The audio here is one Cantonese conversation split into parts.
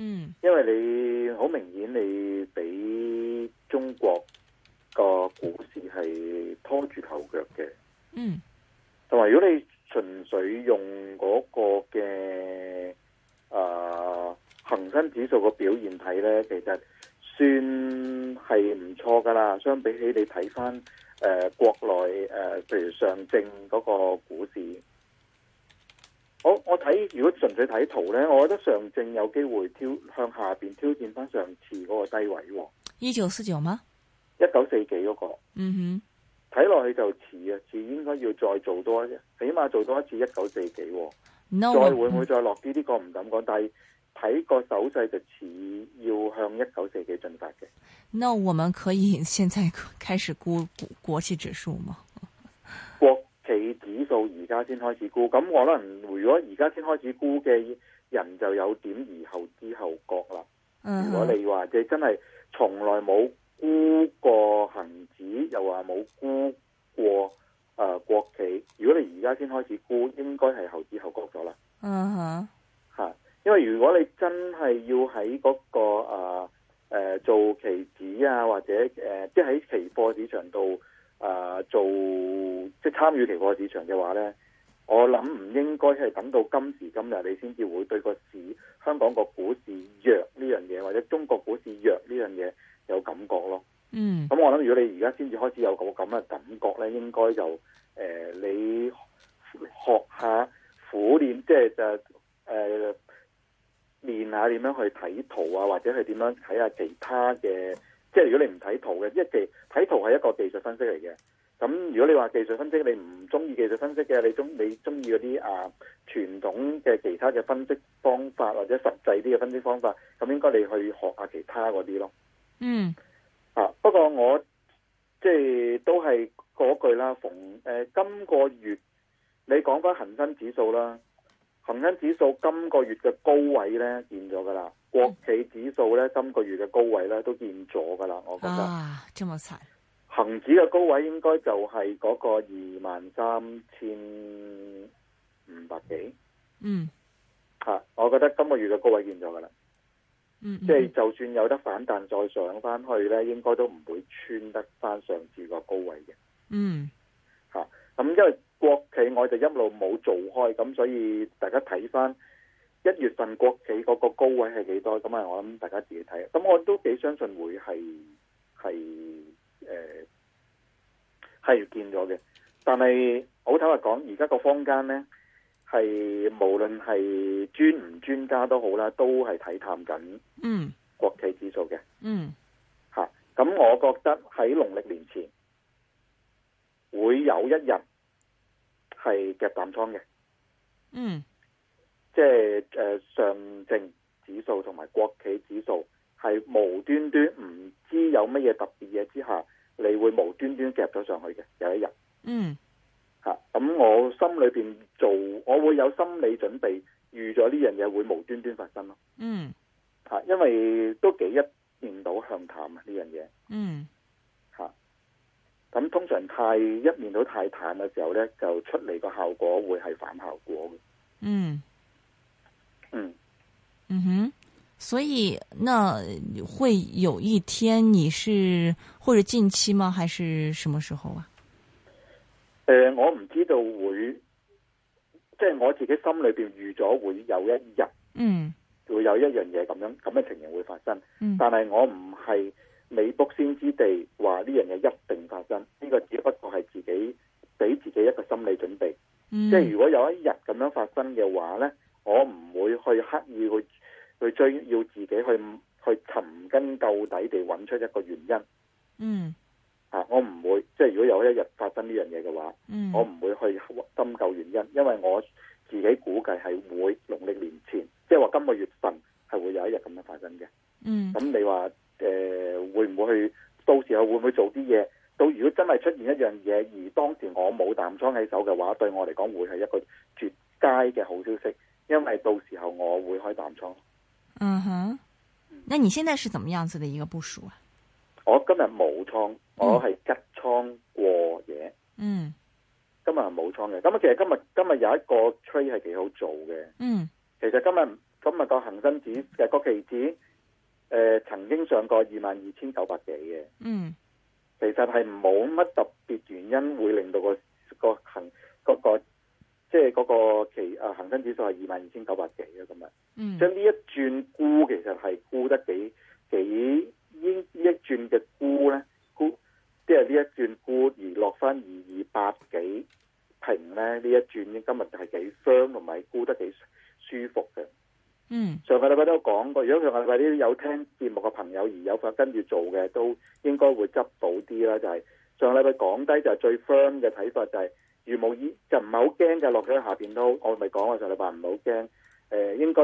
嗯，因為你好明顯，你俾中國個股市係拖住後腳嘅，嗯，同埋如果你純粹用嗰個嘅啊、呃、恒生指數個表現睇咧，其實算係唔錯噶啦，相比起你睇翻誒國內誒譬如上證嗰個股市。我我睇如果純粹睇圖咧，我覺得上證有機會挑向下邊挑戰翻上次嗰個低位。一九四九嗎？一九四幾嗰、那個？嗯哼，睇落去就似啊，似應該要再做多一次，起碼做多一次一九四幾。再會唔會再落啲呢，這個唔敢講，但係睇個手勢就似要向一九四幾進發嘅。那我們可以現在開始估國，國企指數嗎？你指數而家先開始沽，咁可能如果而家先開始沽嘅人就有點而後知後覺啦、嗯。如果你話即係真係從來冇沽過恒指，又話冇沽過誒、呃、國企，如果你而家先開始沽，應該係後知後覺咗啦。嗯哼，嚇，因為如果你真係要喺嗰、那個誒、呃呃、做期指啊，或者誒即係喺期貨市場度。誒、啊，做即係參與期貨市場嘅話咧，我諗唔應該係等到今時今日你先至會對個市香港個股市弱呢樣嘢，或者中國股市弱呢樣嘢有感覺咯。嗯，咁我諗如果你而家先至開始有個咁嘅感覺咧，應該就誒、呃、你學下苦練，即係就誒、是、練、呃、下點樣去睇圖啊，或者去點樣睇下其他嘅。即、係如果你唔睇圖嘅，一技睇圖係一個技術分析嚟嘅。咁如果你話技術分析，你唔中意技術分析嘅，你中你中意嗰啲啊，傳統嘅其他嘅分析方法或者實際啲嘅分析方法，咁應該你去學下其他嗰啲咯。嗯，啊，不過我即係、都係嗰句啦。逢呃今個月你講翻恒生指數啦。恆生指數今個月嘅高位咧，見咗噶啦。國企指數咧，今個月嘅高位咧，都見咗噶啦。我覺得。哇、啊，咁慘。恒指嘅高位應該就係嗰個二萬三千五百幾。嗯。啊，我覺得今個月嘅高位見咗噶啦。嗯，嗯。即、就、係、是、就算有得反彈再上翻去咧，應該都唔會穿得翻上次個高位嘅。嗯。咁因為國企我就一路冇做開，咁所以大家睇翻一月份國企嗰個高位係幾多？咁啊，我諗大家自己睇。咁我都幾相信會係係誒係見咗嘅。但係好坦白講，而家個坊間咧係無論係專唔專家都好啦，都係睇探緊嗯國企指數嘅嗯嚇。咁我覺得喺農曆年前會有一日。係夾淡倉嘅，嗯，即係誒上證指數同埋國企指數係無端端唔知有乜嘢特別嘢之下，你會無端端夾咗上去嘅，有一日，嗯，吓、啊、咁我心裏邊做，我會有心理準備，預咗呢樣嘢會無端端發生咯，嗯、吓、啊、因為都幾一見到向淡啊呢樣嘢，嗯。咁通常太一面到太淡嘅時候咧，就出嚟個效果會係反效果嘅。嗯，嗯，嗯哼，所以那會有一天，你是或者近期嗎？還是什麼時候啊？誒、呃，我唔知道會，即、就、係、是、我自己心裏邊預咗會有一日，嗯，會有一樣嘢咁樣咁嘅情形會發生。嗯、但係我唔係未卜先知地話呢樣嘢一定發生，呢、呢個只不過係自己俾自己一個心理準備，嗯、即係如果有一日咁樣發生嘅話咧，我唔會去刻意去去追，要自己去去尋根究底地揾出一個原因。嗯，啊，我唔會，即係如果有一日發生呢樣嘢嘅話，嗯、我唔會去深究原因，因為我自己估計係會農曆年前，即係話今個月。樣嘢，而當時我冇淡倉喺手嘅話，對我嚟講會係一個絕佳嘅好消息，因為到時候我會開淡倉。嗯哼,那你現在是怎麼樣子的一個部署啊？我今日冇倉，我係吉倉過夜。嗯，今日係冇倉嘅。咁啊，其實今日今日有一個 trade 係幾好做嘅。嗯，其實今日今日個恒生指嘅個期指，誒、呃，曾經上過二萬二千九百幾嘅。嗯。其實係冇乜特別原因會令到、嗰個、嗰個行、嗰個即係、嗰個期誒恒生指數係二萬二千九百幾啊！今日，嗯，呢一轉沽，其實係沽得幾幾呢一轉嘅沽呢？沽就是、呢一轉沽 2, 呢呢一轉嘅沽咧沽，即係呢一轉沽而落翻二二百幾平咧，呢一轉今日係幾 firm 同埋沽得幾舒服嘅。嗯、mm.，上個禮拜都有講過，如果上個禮拜呢啲有聽節目嘅朋友而有份跟住做嘅，都應該會執到啲啦，就是就是。就係上個禮拜講低就係最 firm 嘅睇法，就係如無意，就唔係好驚嘅，落咗下邊都我咪講，啊上個禮拜唔好驚。誒，應該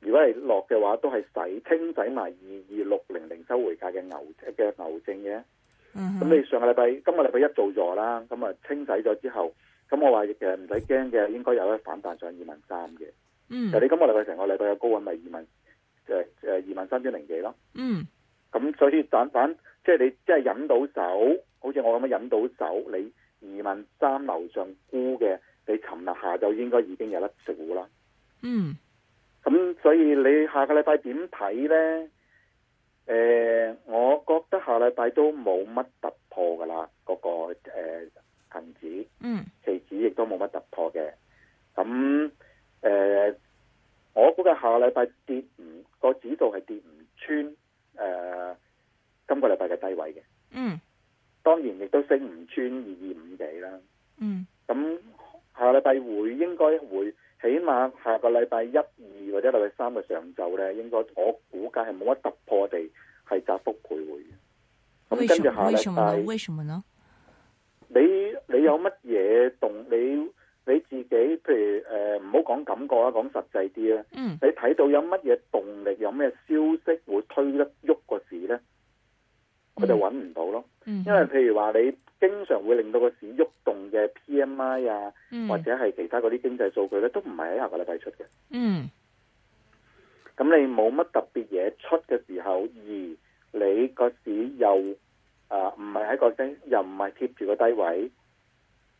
如果係落嘅話，都係洗清洗埋二二六零零收回價嘅牛嘅牛證嘅。咁、mm -hmm. 你上個禮拜，今個禮拜一做咗啦，咁啊清洗咗之後，咁我話其實唔使驚嘅，應該有得反彈上二萬三嘅。嗯，就你今個禮拜成個禮拜嘅高位咪二萬，誒誒二萬三千零幾咯。嗯，咁、嗯嗯、所以反反，即係你即係引到手，好似我咁樣引到手，你二萬三樓上沽嘅，你尋日下晝應該已經有得食糊啦。嗯，咁、嗯、所以你下個禮拜點睇咧？誒、呃，我覺得下禮拜都冇乜突破噶啦，嗰、那個誒恒指，嗯，期指亦都冇乜突破嘅，咁。誒、呃，我估計下個禮拜跌唔個指數係跌唔穿誒、呃、今個禮拜嘅低位嘅。嗯，當然亦都升唔穿二二五幾啦。嗯，咁下個禮拜會應該會，起碼下個禮拜一、二或者禮拜三嘅上晝咧，應該我估計係冇乜突破地是，係窄幅徘徊嘅。咁跟住，為什麼呢？為什麼呢？你你有乜嘢動？你？你自己，譬如誒，唔好講感覺啦，講實際啲啦。嗯。你睇到有乜嘢動力，有咩消息會推得喐個市咧？佢、嗯、就揾唔到咯、嗯。因為譬如話你經常會令到個市喐動嘅 PMI 啊、嗯，或者係其他嗰啲經濟數據咧，都唔係喺下個禮拜出嘅。嗯。咁你冇乜特別嘢出嘅時候，而你個市又啊，唔係喺個升，又唔係貼住個低位，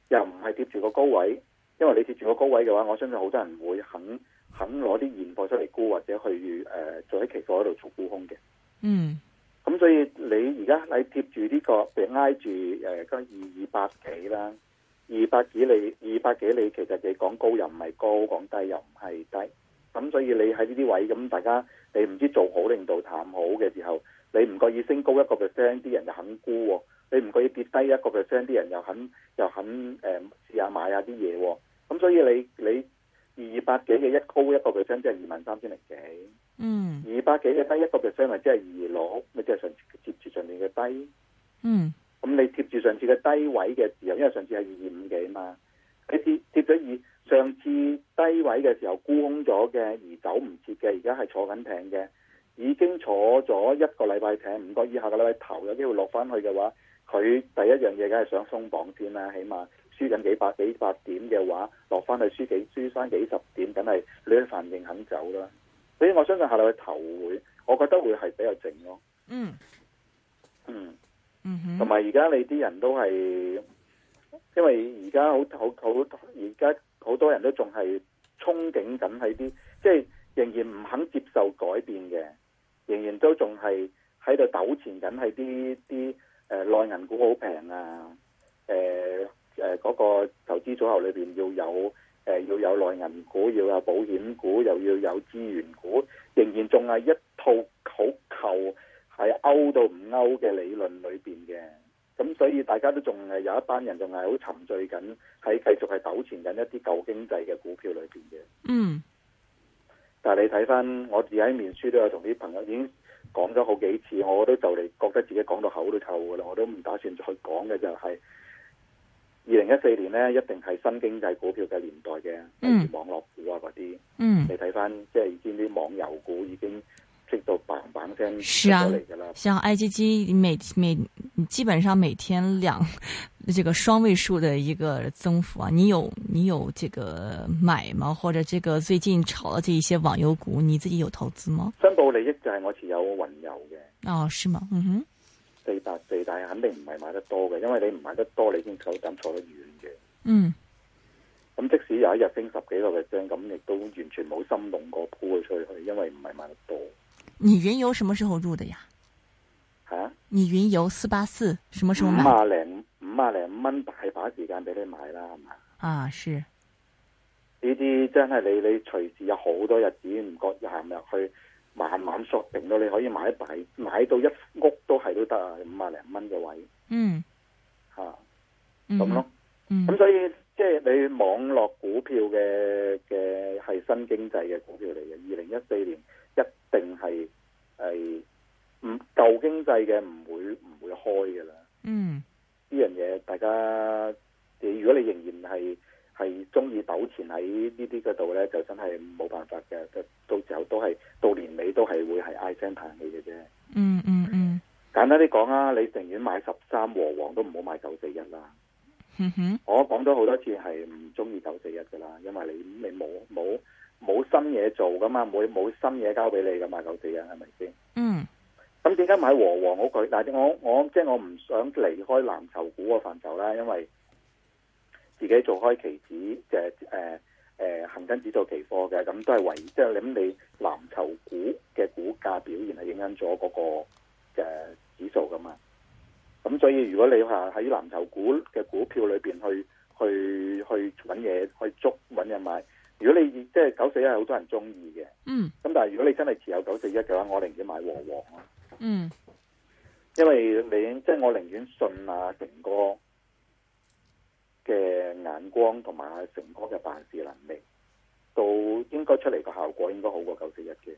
又唔係貼住個高位。因為你貼住個高位嘅話，我相信好多人會肯肯攞啲現貨出嚟估，或者去誒、呃、做喺期貨嗰度做沽空嘅。Mm. 嗯，咁所以你而家你貼住呢、這個並挨住誒嗰二二百幾啦，二百幾你二百幾釐，其實你講高又唔係高，講低又唔係低。咁、嗯、所以你喺呢啲位，咁、嗯、大家你唔知道做好定到淡好嘅時候，你唔覺意升高一個 percent，啲人就肯沽；你唔覺意跌低一個 percent，啲人又肯又肯誒、呃、試下買下啲嘢。咁所以你你二百幾嘅一高一個 percent 即係二萬三千零幾，嗯、就是，二百幾嘅低一個 percent 咪即係二六，咪即係接住上面嘅低，嗯，咁你貼住上,上次嘅低位嘅時候，因為上次係二二五幾嘛，你貼貼咗二，上次低位嘅時候沽空咗嘅而走唔切嘅，而家係坐緊艇嘅，已經坐咗一個禮拜艇唔覺意下個禮拜頭有機會落翻去嘅話，佢第一樣嘢梗係想鬆綁先啦、啊，起碼。輸緊幾百幾百點嘅話，落翻去輸幾輸翻幾十點，梗係呢啲反應肯走啦。所以我相信下落去頭會，我覺得會係比較靜咯。嗯，嗯，同埋而家你啲人都係，因為而家好好好，而家好，好多人都仲係憧憬緊喺啲，即係仍然唔肯接受改變嘅，仍然都仲係喺度糾纏緊喺啲啲誒內銀股好平啊，誒、呃。誒，嗰個投資組合裏邊要有誒，要有內銀股，要有保險股，又要有資源股，仍然仲係一套好舊係 out 到唔 out 嘅理論裏邊嘅。咁所以大家都仲係有一班人仲係好沉醉緊，喺繼續係糾纏緊一啲舊經濟嘅股票裏邊嘅。嗯。但係你睇翻，我自己喺面書都有同啲朋友已經講咗好幾次，我都就嚟覺得自己講到口都臭噶啦，我都唔打算再講嘅就係、是。二零一四年呢，一定係新經濟股票嘅年代嘅，例如網絡股啊嗰啲，你睇返即係已經啲網遊股已經升到嘭嘭聲來的了，是啊，像 I G G 每每基本上每天兩這個雙位數的一個增幅啊，你有你有這個買嗎？或者這個最近炒的這一些網遊股，你自己有投資嗎？申報利益就係我持有雲遊嘅。哦，是嗎？嗯哼。四八四，但係肯定唔係買得多嘅，因為你唔買得多，你已經手枕坐得遠嘅。嗯，咁即使有一日升十幾個嘅張，咁亦都完全冇心動過鋪佢出去，因為唔係買得多。你原油，什麼時候入的呀？啊、你原油，四八四什麼時候買的？五啊零五啊零蚊大把時間俾你買啦，係嘛？啊是。呢啲真係你你隨時有好多日子唔覺行入去。慢慢鎖定到，你可以買一底，買到一屋都係都得啊！五萬零蚊嘅位，嗯，吓、啊，咁、嗯、咯，咁、嗯、所以即係你網絡股票嘅嘅係新經濟嘅股票嚟嘅。二零一四年一定係係唔舊經濟嘅唔會唔會開噶啦。嗯，呢樣嘢大家你如果你仍然係。係中意糾纏喺呢啲嗰度咧，就真係冇辦法嘅。到到時候都係到年尾都係會係唉聲嘆氣嘅啫。嗯嗯嗯。簡單啲講啊，你寧願買十三和黃都唔好買九四一啦。哼、嗯嗯。我講咗好多次係唔中意九四一嘅啦，因為你你冇冇冇新嘢做噶嘛，冇冇新嘢交俾你嘅嘛，九四一係咪先？嗯。咁點解買和黃好啲？但係我我即係、即係、我唔想離開藍籌股個範疇啦，因為。自己做開期指嘅誒誒恒生指數期貨嘅，咁都係維即係你，你藍籌股嘅股價表現係影響咗嗰個嘅、呃、指數噶嘛？咁所以如果你話喺藍籌股嘅股票裏邊去去去揾嘢去捉揾人買，如果你即係九四一係好多人中意嘅，嗯，咁但係如果你真係持有九四一嘅話，我寧願買和黃咯，嗯、mm.，因為你即係、就是、我寧願信阿成哥。整個嘅眼光同埋成哥嘅辦事能力，到應該出嚟個效果應該好過九四一嘅。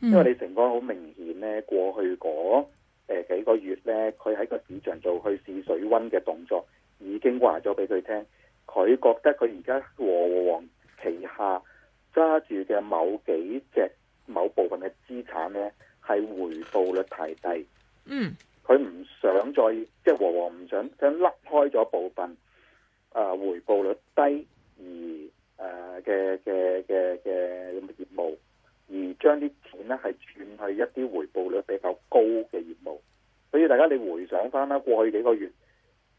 因為你成哥好明顯咧，過去嗰誒幾個月咧，佢喺個市場度去試水溫嘅動作，已經話咗俾佢聽，佢覺得佢而家和和旗下揸住嘅某幾隻某部分嘅資產咧，係回報率太低，嗯，佢唔想再即係和和唔想想甩開咗部分。啊，回報率低而誒嘅嘅嘅嘅業務，而將啲錢咧係轉去一啲回報率比較高嘅業務。所以大家你回想返啦，過去幾個月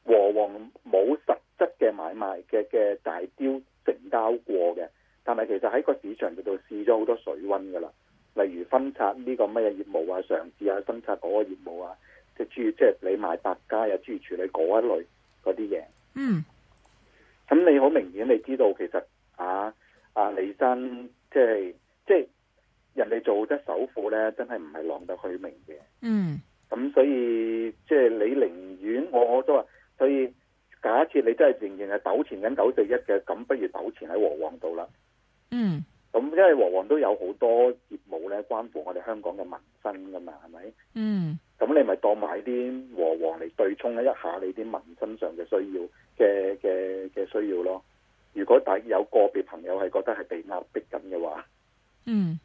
和黃冇實質嘅買賣嘅嘅大雕成交過嘅，但係其實喺個市場度度試咗好多水溫㗎喇。例如分拆呢個咩業務啊，嘗試啊，分拆嗰個業務啊，即係專即係你賣百佳啊，專處理嗰一類嗰啲嘢。你好明顯，你知道其實啊啊李生即係即係人哋做得首富咧，真係唔係浪得虛名嘅。嗯，咁所以即係、即係、你寧願我我都話，所以假設你真係仍然係糾纏緊九四一嘅，咁不如糾纏喺和黃度啦。嗯，咁因為和黃都有好多業務咧，關乎我哋香港嘅民生噶嘛，係咪？嗯。咁你咪當買啲和黃嚟對沖一下你啲民生上嘅需要嘅嘅嘅需要咯。如果大有個別朋友係覺得係被壓迫緊嘅話，嗯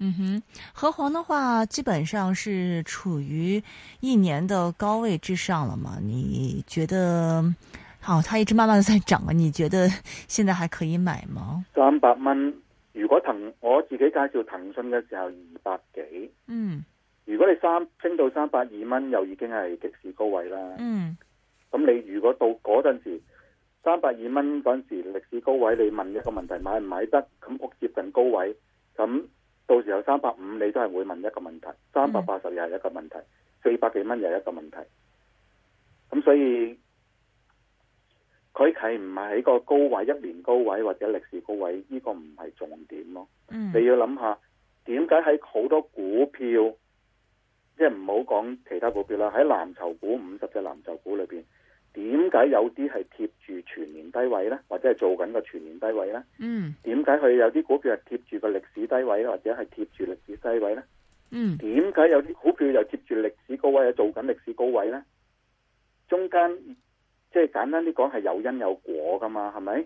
嗯哼，和黃的話基本上是處於一年的高位之上了嘛？你覺得？好，哦，它一直慢慢的在漲啊？你覺得現在還可以買嗎？三百蚊，如果騰我自己介紹騰訊嘅時候二百幾，嗯。如果你三升到三百二蚊，又已經係、mm. 歷史高位啦。嗯。咁你如果到嗰陣時三百二蚊嗰陣時歷史高位，你問一個問題買唔買得？咁我接近高位，咁到時候三百五你都係會問一個問題，三百八十又係一個問題，四百幾蚊又係一個問題。咁所以佢企唔係喺個高位一年高位或者歷史高位，呢、呢個唔係重點咯。Mm. 你要諗下點解喺好多股票？即係唔好講其他股票啦，喺藍籌股五十隻藍籌股裏邊，點解有啲係貼住全年低位咧，或者係做緊個全年低位咧？嗯，點解佢有啲股票係貼住個歷史低位咧，或者係貼住歷史低位咧？嗯，點解有啲股票又貼住歷史高位又做緊歷史高位咧？中間即係簡單啲講係有因有果噶嘛，係咪？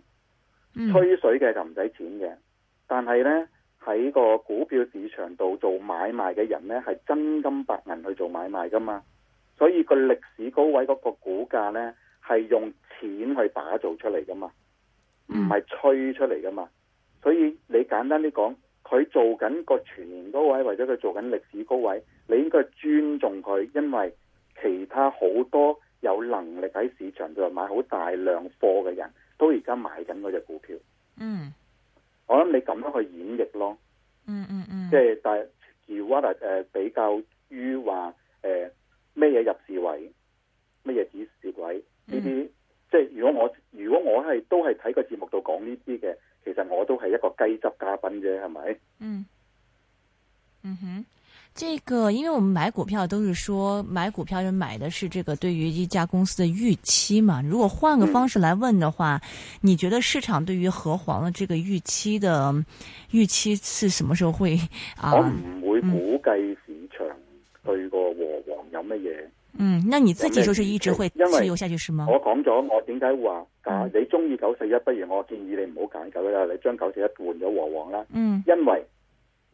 嗯，吹水嘅就唔使錢嘅，但係咧。喺個股票市場度做買賣嘅人呢，係真金白銀去做買賣噶嘛，所以個歷史高位嗰個股價呢，係用錢去打造出嚟噶嘛，唔係吹出嚟噶嘛。所以你簡單啲講，佢做緊個全年高位，或者佢做緊歷史高位，你應該尊重佢，因為其他好多有能力喺市場度買好大量貨嘅人都而家買緊嗰隻股票。嗯。我諗你咁樣去演繹咯，嗯嗯嗯，即係但係而話嚟誒，比較於話誒咩嘢入市位，咩嘢止蝕位呢啲，即係、嗯就是、如果我如果我係都係睇個節目度講呢啲嘅，其實我都係一個雞汁嘉賓啫，係咪？嗯。嗯哼，這個，因為我們買股票都是說買股票就買的是這個對於一家公司的預期嘛。如果換個方式來問的話，嗯、你覺得市場對於和黃的這個預期的預期是什麼時候會啊？我唔會估計市場對、嗯這個和黃有乜嘢。嗯，那你自己就是一直會持有下去是嗎？我講咗我點解話啊？嗯、你中意九四一，不如我建議你唔好揀九一啦，你將九四一換咗和黃啦。嗯，因為。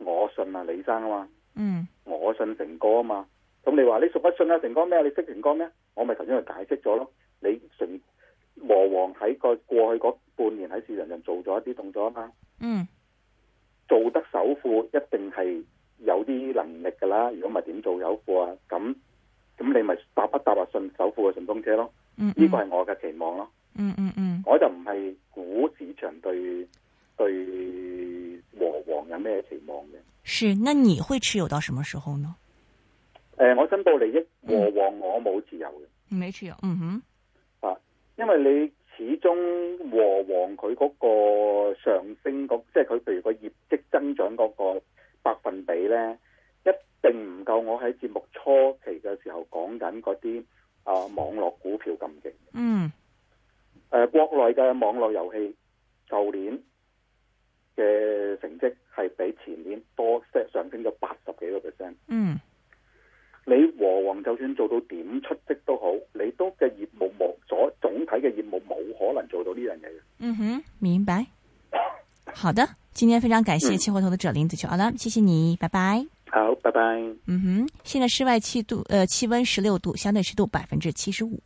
我信啊李生啊嘛，嗯，我信成哥啊嘛，咁你話你熟不熟啊成哥咩？你識成哥咩？我咪頭先咪解釋咗咯，你神魔王喺個過去嗰半年喺市場上做咗一啲動作啊嘛，嗯，做得首富一定係有啲能力噶啦，如果唔係點做首富啊？咁咁你咪搭不搭？啊？信首富嘅順風車咯，嗯，呢個係我嘅期望咯，嗯嗯嗯，我就唔係估市場對對。和黃有咩期望嘅？是，那你會持有到什麼時候呢？誒、呃，我申報利益和黃，我冇持有嘅，沒持有。嗯哼。啊，因為你始終和黃佢嗰個上升，嗰即係佢譬如個業績增長嗰個百分比呢，一定唔夠我喺節目初期嘅時候講緊嗰啲啊網絡股票咁勁。嗯。誒、呃，國內嘅網絡遊戲，舊年。嘅成績係比前年多，上升咗八十幾個 percent。嗯，你和宏就算做到點出色都好，你都嘅業務冇咗，總體嘅業務冇可能做到呢樣嘢嘅。嗯哼，明白。 好的，今天非常感謝期貨投資者林子球，好、嗯、啦，謝謝你，拜拜。好，拜拜。嗯哼，現在室外氣度，呃，氣温十六度，相對濕度百分之七十五。